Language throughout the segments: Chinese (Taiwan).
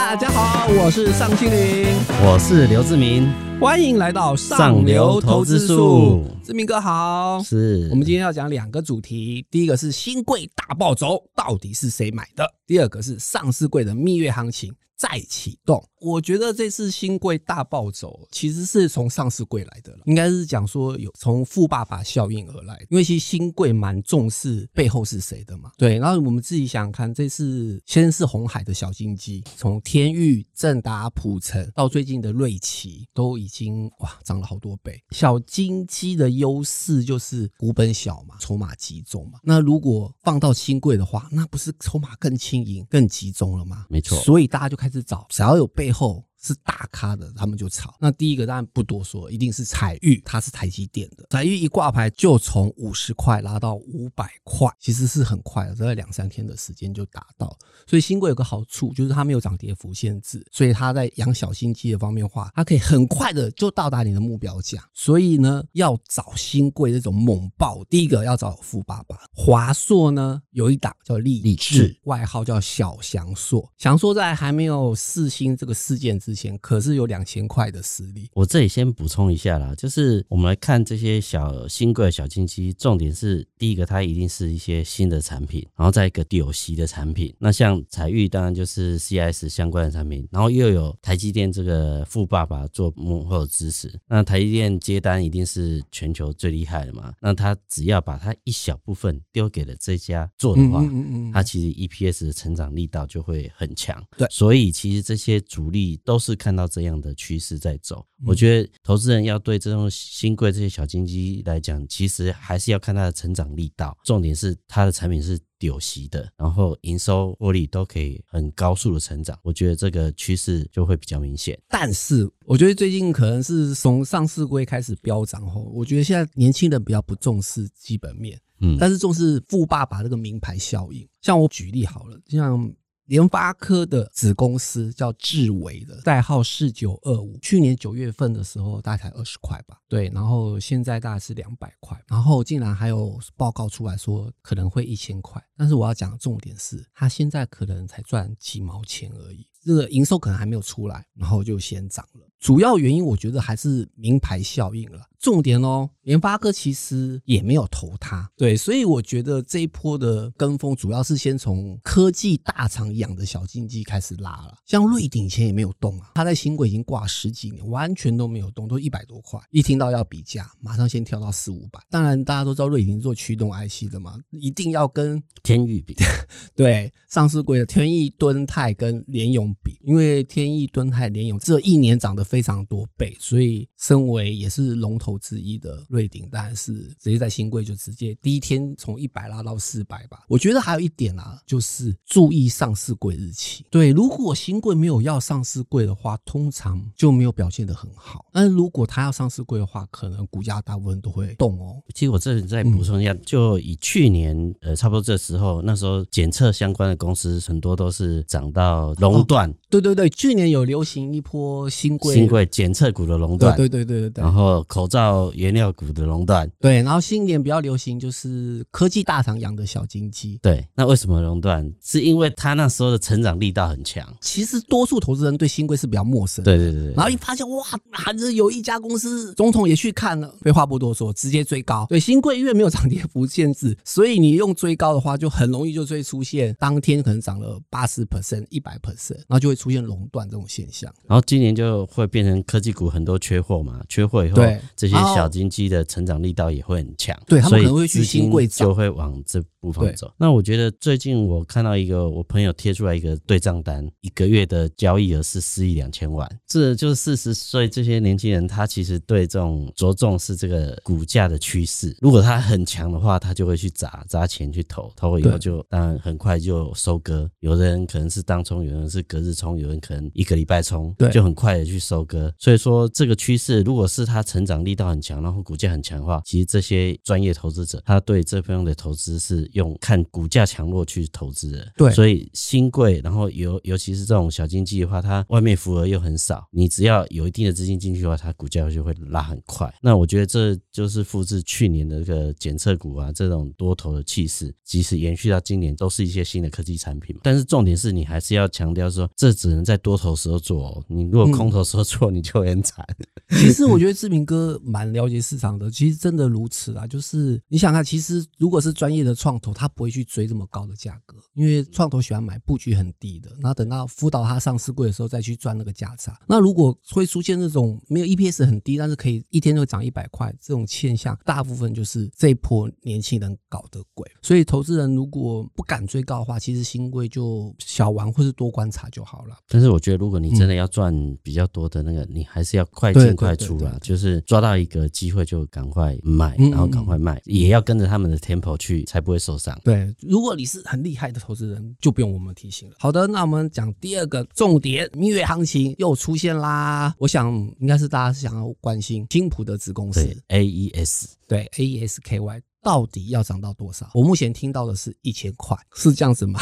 大家好，我是尚青林，我是劉志明。歡迎來到上流投資術，志明哥好。是，我們今天要講兩個主題，第一個是興櫃大暴走到底是誰買的？第二個是上市櫃的蜜月行情再啟動。我覺得這次興櫃大暴走其實是從上市櫃來的了，應該是講說有從富爸爸效應而來的，因為其實興櫃蠻重視背後是誰的嘛。對，然後我們自己想想看，這次先是鴻海的小金雞，從天鈺、正達、普城到最近的瑞奇，都已經金哇漲了好多倍，小金雞的優勢就是股本小嘛，籌碼集中嘛。那如果放到興櫃的話，那不是籌碼更輕盈、更集中了嗎？沒錯，所以大家就開始找，只要有背後。是大咖的，他們就炒。那第一個當然不多說，一定是采鈺，它是台積電的。采鈺一掛牌就從五十塊拉到五百塊，其實是很快的，在兩三天的時間就達到。所以興櫃有個好處，就是它沒有漲跌幅限制，所以它在養小金雞的方面的話，它可以很快的就到達你的目標價。所以呢，要找興櫃這種猛爆，第一個要找富爸爸。華碩呢有一檔叫麗麗志，外號叫小祥碩。祥碩在還沒有四星這個事件之之前可是有兩千塊的實力。我這裡先補充一下啦，就是我們來看這些小新貴小金雞，重點是第一個，它一定是一些新的產品；然後再一個丟席的產品。那像采鈺，當然就是 CIS 相關的產品。然後又有台積電這個富爸爸做幕後支持。那台積電接單一定是全球最厲害的嘛？那他只要把他一小部分丟給了這家做的話，嗯嗯嗯他其實 E P S 的成長力道就會很強。對，所以其實這些主力都。是看到這樣的趨勢在走。嗯，我覺得投資人要對這種新貴這些小金雞來講，其實還是要看它的成長力道。重點是它的產品是屌席的，然後營收獲利都可以很高速的成長。我覺得這個趨勢就會比較明顯。但是我覺得最近可能是從上市櫃開始飆漲後，我覺得現在年輕人比較不重視基本面，嗯，但是重視富爸爸這個名牌效應。像我舉例好了，就像。聯發科的子公司叫智維的，代號是四九二五。去年九月份的時候大概才二十塊吧，對，然後現在大概是兩百塊，然後竟然還有報告出來說可能會一千塊，但是我要講重點是，他現在可能才賺幾毛錢而已。這個營收可能還沒有出來，然後就先漲了。主要原因我覺得還是名牌效應了。重點哦，聯發科其實也沒有投它，對，所以我覺得這一波的跟風主要是先從科技大廠養的小金雞開始拉了。像瑞鼎以前也沒有動啊，它在興櫃已經掛十幾年，完全都沒有動，都一百多塊。一聽到要比價，馬上先跳到四五百。當然大家都知道瑞鼎是做驅動 IC 的嘛，一定要跟天鈺比。 對，上市櫃的天鈺、敦泰跟聯詠。因為天鈺、敦泰、聯詠這一年漲得非常多倍，所以身為也是龍頭之一的瑞鼎，當然是直接在興櫃就直接第一天從一百拉到四百吧。我覺得還有一點啊，就是注意上市櫃日期。對，如果興櫃沒有要上市櫃的話，通常就沒有表現得很好。但是如果他要上市櫃的話，可能股價大部分都會動哦。其實我這裡再補充一下，嗯、就以去年呃差不多這時候，那時候檢測相關的公司很多都是漲到熔斷。哦哦對對對，去年有流行一波興櫃，興櫃檢測股的壟斷，對對對對，然後口罩原料股的壟斷，對，然後新年比較流行就是科技大廠養的小金雞，對，那為什麼壟斷？是因為它那時候的成長力道很強。其實多數投資人對興櫃是比較陌生，對，對對對，然後一發現哇，還是有一家公司，總統也去看了。廢話不多說，直接追高。對，興櫃因為沒有漲跌幅限制，所以你用追高的話，就很容易就追出現，當天可能漲了八十 percent、一百 percent。然後就會出現壟斷這種現象，然後今年就會變成科技股很多缺貨嘛，缺貨以後，對這些小金雞的成長力道也會很強，對他們可能會去，所以資金就會往這。不妨走，那我覺得最近我看到一個，我朋友貼出來一個對賬單，一個月的交易額是四億兩千萬，這就是四十歲這些年輕人，他其實對這種着重是這個股價的趨勢，如果它很強的話，他就會去砸砸錢去投，投了以後就當然很快就收割。有的人可能是當沖，有的人是隔日沖，有人可能一個禮拜衝，就很快的去收割。所以說這個趨勢如果是他成長力道很強，然後股價很強的話，其實這些專業投資者他對這方面的投資是。用看股價強弱去投資的，對，所以興櫃，然後尤尤其是這種小金雞的話，它外面浮額又很少，你只要有一定的資金進去的話，它股價就會拉很快。那我覺得這就是複製去年的這個檢測股啊，這種多頭的氣勢，即使延續到今年，都是一些新的科技產品。但是重點是你還是要強調說，這只能在多頭的時候做，哦，你如果空頭的時候做，你就很慘，嗯。 其實我覺得志明哥蠻了解市場的，其實真的如此啊。就是你想，想看，其實如果是專業的創他不會去追這麼高的價格，因為創投喜歡買布局很低的，那等到輔導他上市櫃的時候再去賺那個價差。那如果會出現這種沒有 EPS 很低，但是可以一天就漲一百塊這種現象，大部分就是這一波年輕人搞的鬼。所以投資人如果不敢追高的話，其實興櫃就小玩或是多觀察就好了。但是我覺得，如果你真的要賺比較多的那個，你還是要快進快出啦，就是抓到一個機會就趕快買，然後趕快賣，也要跟着他們的 tempo 去，才不會。對，如果你是很厲害的投資人，就不用我們提醒了。好的，那我們講第二個重點，蜜月行情又出現啦。我想應該是大家是想要關心新普的子公司 A E S，對 A E S K Y，AES 到底要漲到多少？我目前聽到的是一千塊，是這樣子嗎？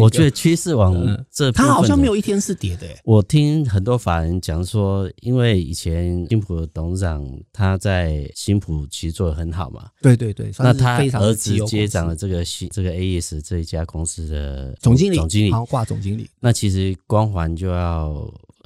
我覺得趨勢往這邊、嗯，他好像沒有一天是跌的。我聽很多法人講說，因為以前新普的董事長他在新普其實做得很好嘛，對對對。那他兒子接掌了這個新這個 AES 這一家公司的總經理，總經理，然後掛總經理。那其實光環就要。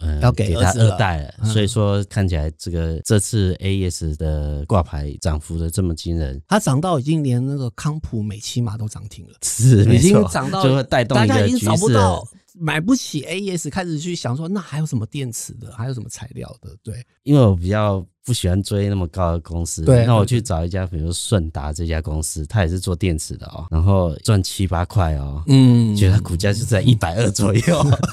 嗯、要給二，了給他二代了，嗯，所以說看起來這個這次 A S 的掛牌漲幅的這麼驚人，它漲到已經連那個康普美琪瑪都漲停了，是已經漲到，就會帶動大家已經找不到買不起 A S，開始去想說那還有什麼電池的，還有什麼材料的，對，因為我比較。不喜歡追那麼高的公司，對。那我去找一家，比如說順達這家公司，嗯，它也是做電池的哦，然後賺七八塊哦，嗯，覺得它股價就在一百二左右，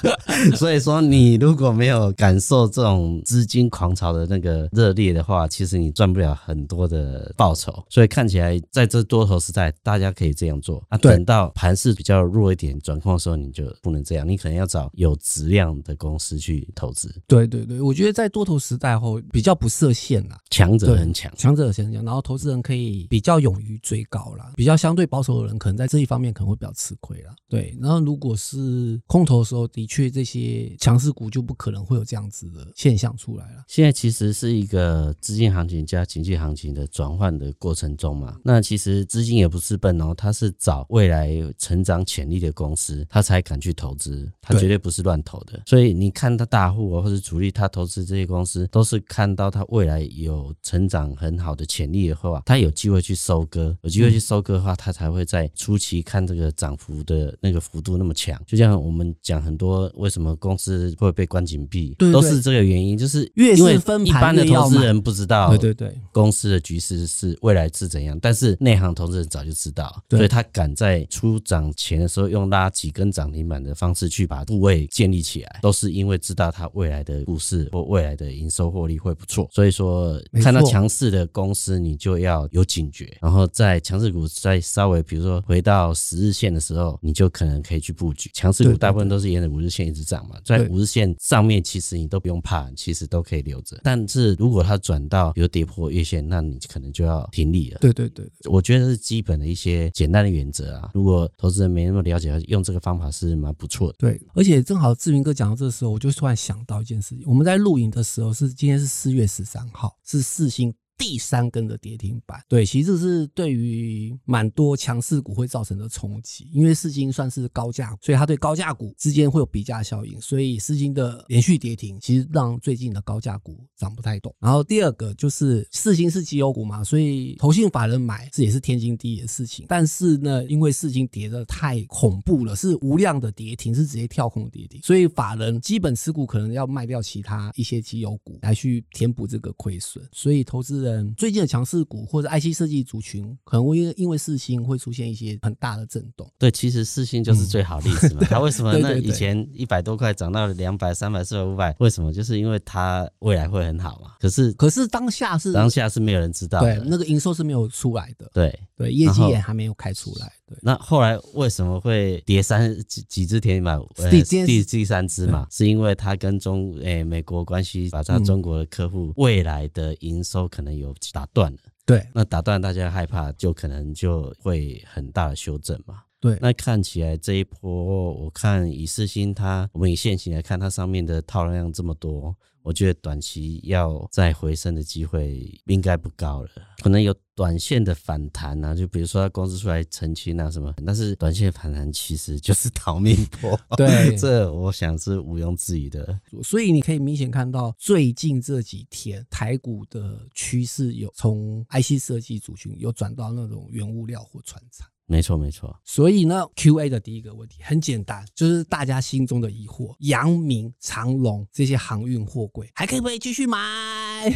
嗯嗯， 所以說你如果沒有感受這種資金狂潮的那個熱烈的話，其實你賺不了很多的報酬，所以看起來在這多頭時代，大家可以這樣做啊，對。等到盤勢比較弱一點轉空的時候，你就不能這樣，你可能要找有質量的公司去投資。對對對，我覺得在多頭時代後比較不設線啊，強者很強，強者很強，然後投資人可以比較勇於追高了，比較相對保守的人可能在這一方面可能會比較吃虧了。對，然後如果是空頭的時候，的確這些強勢股就不可能會有這樣子的現象出來了。現在其實是一個資金行情加經濟行情的轉換的過程中嘛，那其實資金也不是笨哦，他是找未來成長潛力的公司，他才敢去投資，他絕對不是亂投的。所以你看他大戶或者主力他投資這些公司，都是看到他未來。來有成長很好的潛力的話，他有機會去收割，有機會去收割的話，他才會在初期看這個漲幅的那個幅度那麼強。就像我們講很多為什麼公司會被關禁閉，都是這個原因，就是越因為一般的投資人不知道，對對對，公司的局勢是未來是怎樣，但是內行投資人早就知道，所以他敢在出漲前的時候用拉幾根漲停板的方式去把部位建立起來，都是因為知道他未來的故事或未來的營收獲利會不錯，所以說。說看到強勢的公司，你就要有警覺，然後在強勢股再稍微，比如說回到十日線的時候，你就可能可以去布局，強勢股大部分都是沿着五日線一直漲嘛，對對對，在五日線上面，其實你都不用怕，其實都可以留着。但是如果它轉到有跌破月線，那你可能就要停利了。對對對，我覺得是基本的一些簡單的原則啊。如果投資人沒那麼了解，用這個方法是蠻不錯的。對，而且正好志明哥講到這個時候，我就突然想到一件事情：我們在錄影的時候是今天是四月十三。好，是四星。第三根的跌停板，對，其實是對於蠻多強勢股會造成的衝擊，因為四金算是高價，所以它對高價股之間會有比價效應，所以四金的連續跌停，其實讓最近的高價股漲不太動。然後第二個就是四金是績優股嘛，所以投信法人買這也是天經地義的事情，但是呢，因為四金跌的太恐怖了，是無量的跌停，是直接跳空的跌停，所以法人基本持股可能要賣掉其他一些績優股來去填補這個虧損，所以投資人。最近的強勢股或者 IC 設計族群，可能會因為世芯會出現一些很大的震動。對，其實世芯就是最好例子嘛。它、嗯、 為什麼？那以前一百多塊漲到了兩百、三百、四百、五百，為什麼？就是因為它未來會很好嘛。可是，可是當下是當下是沒有人知道，對，那個營收是沒有出來的，對對，業績也還沒有開出來。對，那後來為什麼會跌三幾幾只天地第第第三只嘛、嗯，是因為它跟中哎、欸，美國關係，把它中國的客戶、嗯、未來的營收可能。有打斷了，對，那打斷大家害怕，就可能就會很大的修正嘛。對，那看起來這一波，我看以四星它，我們以線形來看，它上面的套量這麼多。我覺得短期要再回升的機會應該不高了，可能有短線的反彈啊，就比如說它公司出來澄清啊什麼，但是短線反彈其實就是逃命波，對， 這我想是毋庸置疑的。所以你可以明顯看到最近這幾天台股的趨勢有從 IC 設計族群又轉到那種原物料或傳產。沒錯，沒錯。所以呢，Q&A 的第一個問題很簡單，就是大家心中的疑惑：陽明、長龍這些航運貨櫃還可以不可以繼續買？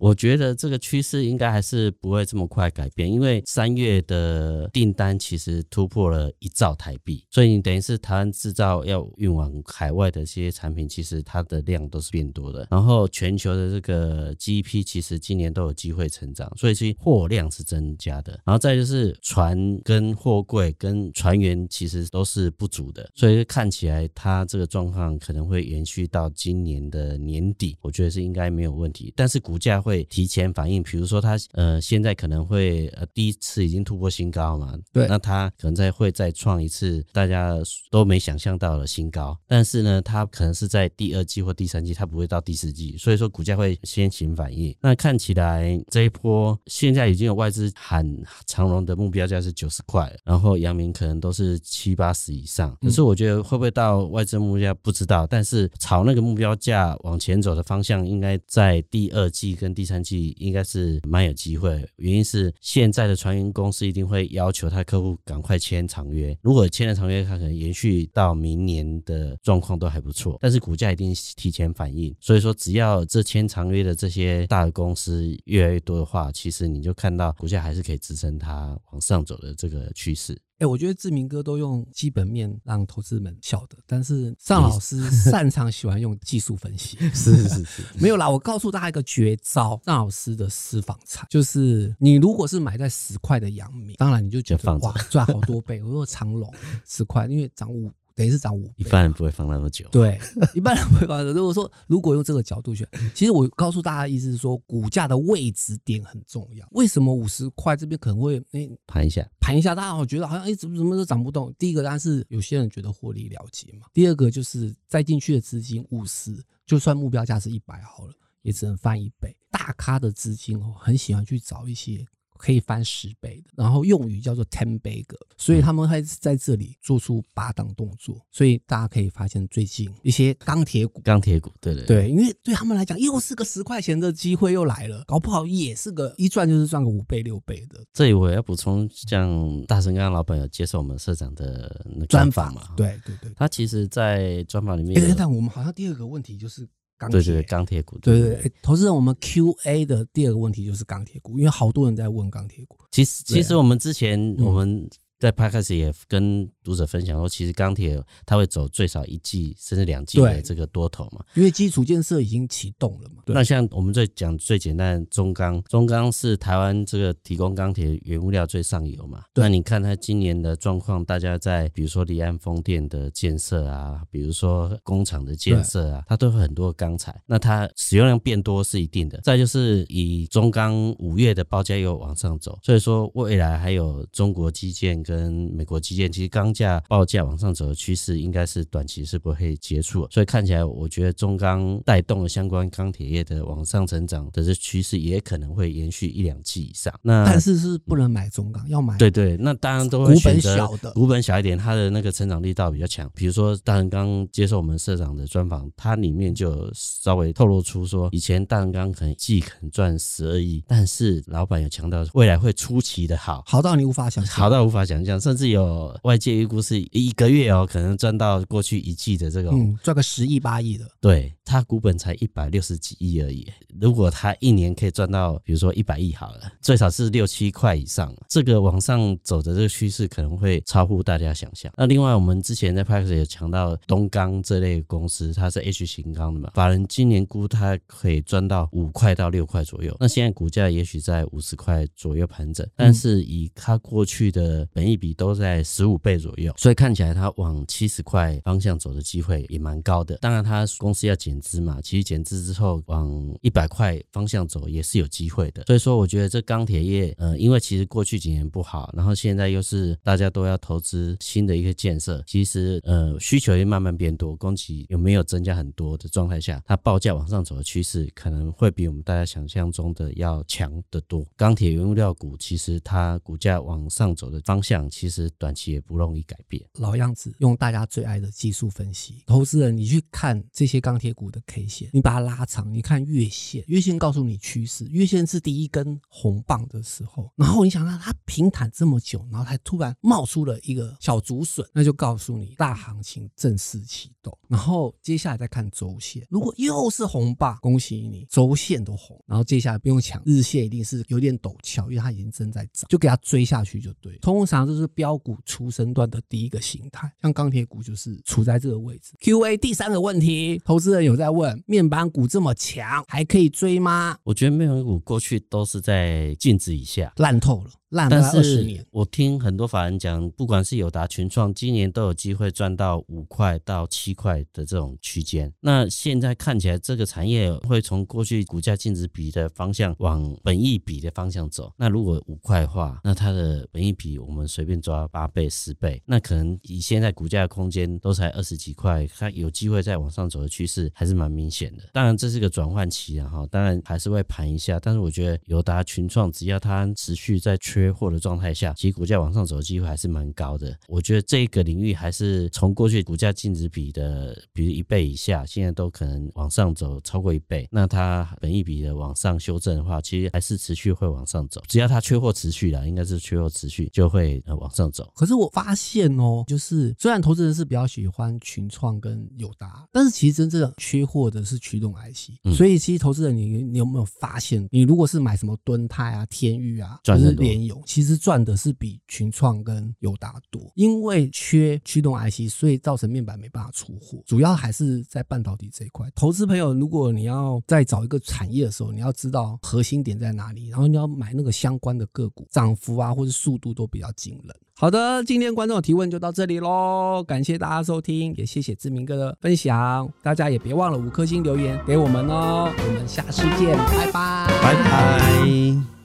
我覺得這個趨勢應該還是不會這麼快改變，因為三月的訂單其實突破了一兆台幣，所以你等於是台灣製造要運往海外的這些產品，其實它的量都是變多的。然後全球的這個 GDP 其實今年都有機會成長，所以其實貨量是增加的。然後再就是船跟貨櫃跟船員其實都是不足的，所以看起來它這個狀況可能會延續到今年的年底。我覺得是應該沒有問題，但是股價會。會提前反應，比如說他呃現在可能會呃第一次已經突破新高嘛，對，那他可能在會再創一次大家都沒想象到的新高，但是呢他可能是在第二季或第三季他不會到第四季，所以說股價會先行反應。那看起來這一波現在已經有外資喊長榮的目標價是九十塊，然後陽明可能都是七八十以上，可是我覺得會不會到外資目標價不知道、嗯，但是朝那個目標價往前走的方向應該在第二季跟。第三季應該是蠻有機會，原因是現在的船運公司一定會要求他的客戶趕快簽長約，如果簽了長約，他可能延續到明年的狀況都還不錯，但是股價一定提前反應，所以說只要這簽長約的這些大的公司越來越多的話，其實你就看到股價還是可以支撐它往上走的這個趨勢。哎、欸，我覺得志明哥都用基本面讓投資們曉得，但是尚老師擅長喜歡用技術分析。 是是是是， 沒有啦，我告訴大家一個絕招，尚老師的私房菜，就是你如果是買在十塊的陽明，當然你就覺得哇賺好多倍。我說長榮十塊，因為漲五。每次漲五，一般人不會放那麼久。啊？對，一般人不會放。 如果說如果用這個角度去，其實我告訴大家，意思是說股價的位置點很重要。為什麼五十塊這邊可能會？哎，盤一下，盤一下，大家會覺得好像一直什麼都漲不動。第一個當然是有些人覺得獲利了結嘛。第二個就是再進去的資金五十，就算目標價是一百好了，也只能翻一倍。大咖的資金哦，很喜歡去找一些。可以翻十倍的，然後用語叫做 ten bagger 所以他們還是在這裡做出八檔動作，所以大家可以發現最近一些鋼鐵股，鋼鐵股，對對對，因為對他們來講，又是個十塊錢的機會又來了，搞不好也是個一賺就是賺個五倍六倍的。這裡我要補充，像大成鋼剛剛老板有接受我們社長的那個專訪嘛？對對對，他其實，在專訪裡面，哎、欸，但我們好像第二個問題就是。欸、對，對對，鋼鐵股對，對對，欸、投資人，我們 Q&A 的第二個問題就是鋼鐵股，因為好多人在問鋼鐵股。其實其實我們之前、啊、我們。在 Podcast 也跟讀者分享說，其實鋼鐵它會走最少一季甚至兩季的這個多頭嘛，因為基礎建設已經啟動了嘛對。那像我們在講最簡單中鋼，中鋼是台灣這個提供鋼鐵原物料最上游嘛，對。那你看它今年的狀況，大家在比如說離岸風電的建設啊，比如說工廠的建設啊，它都有很多鋼材。那它使用量變多是一定的。再就是以中鋼五月的報價又往上走，所以說未來還有中國基建，跟美國基建其實鋼價報價往上走的趨勢，應該是短期是不會結束的，所以看起來我覺得中鋼帶動了相關鋼鐵業的往上成長的這趨勢，也可能會延續一兩季以上。那但是是不能買中鋼、嗯，要買對,對對，那當然都會股本小的，股本小一點，它的那個成長力道比較強。比如說大成鋼接受我們社長的專訪，它裡面就稍微透露出說，以前大成鋼可能既可賺十二億，但是老板有強調未來會出奇的好，好到你無法想象，好到無法想。講，甚至有外界預估是一個月哦，可能賺到過去一季的這種，嗯、賺個十億八億的，對。它股本才一百六十幾億而已，如果它一年可以賺到，比如說一百億好了，最少是六七塊以上，這個往上走的這個趨勢可能會超乎大家想象。那另外，我們之前在 Pax 也強到，東鋼這類公司，它是 H 型鋼的嘛，法人今年估它可以賺到五塊到六塊左右，那現在股價也許在五十塊左右盤整，但是以它過去的本益比都在十五倍左右，所以看起來它往七十塊方向走的機會也蠻高的。當然，它公司要減。值嘛，其實減資之後往一百塊方向走也是有機會的。所以說，我覺得這鋼鐵業，呃，因為其實過去幾年不好，然後現在又是大家都要投資新的一個建設，其實呃需求也慢慢變多，供給有沒有增加很多的狀態下，它報價往上走的趨勢可能會比我們大家想象中的要強得多。鋼鐵原物料股其實它股價往上走的方向，其實短期也不容易改變。老樣子，用大家最愛的技術分析，投資人你去看這些鋼鐵股的 K 線，你把它拉長，你看月線，月線告訴你趨勢，月線是第一根紅棒的時候，然後你想讓它平坦這麼久，然後它突然冒出了一個小竹筍，那就告訴你大行情正式啟動。然後接下來再看週線，如果又是紅棒，恭喜你，週線都紅，然後接下來不用搶，日線一定是有點陡峭，因為它已經正在漲，就給它追下去就對。通常這是標股出身段的第一個形態，像鋼鐵股就是處在這個位置。Q&A 第三個問題，投資人有。有在問面板股這麼強還可以追嗎？我覺得面板股過去都是在淨值以下，爛透了。年。但是，我聽很多法人講，不管是友達、群創，今年都有機會賺到五塊到七塊的這種區間。那現在看起來，這個產業會從過去股價淨值比的方向往本益比的方向走。那如果五塊的話，那它的本益比我們隨便抓八倍、十倍，那可能以現在股價的空間都才二十幾塊，它有機會再往上走的趨勢還是蠻明顯的。當然，這是個轉換期啊，哈，當然還是會盤一下。但是我覺得友達、群創只要它持續在全。缺貨的狀態下，其實股價往上走的機會還是蠻高的。我覺得這個領域還是從過去股價淨值比的，比如，一倍以下，現在都可能往上走超過一倍。那它本益比的往上修正的話，其實還是持續會往上走。只要它缺貨持續了，應該是缺貨持續就會往上走。可是我發現哦，就是雖然投資人是比較喜歡群創跟友達，但是其實真正缺貨的是驅動 IC、嗯。所以其實投資人你，你你有沒有發現，你如果是買什麼敦泰啊、天宇啊、聯一？其實賺的是比群創跟友達多，因為缺驅動 IC，所以造成面板沒辦法出貨，主要還是在半導體這一塊。投資朋友，如果你要再找一個產業的時候，你要知道核心點在哪裡，然後你要買那個相關的個股，漲幅啊或者速度都比較驚人。好的，今天觀眾的提問就到這裡嘍，感謝大家收聽，也謝謝志明哥的分享，大家也別忘了五顆星留言給我們哦，我們下次見，拜拜，拜拜。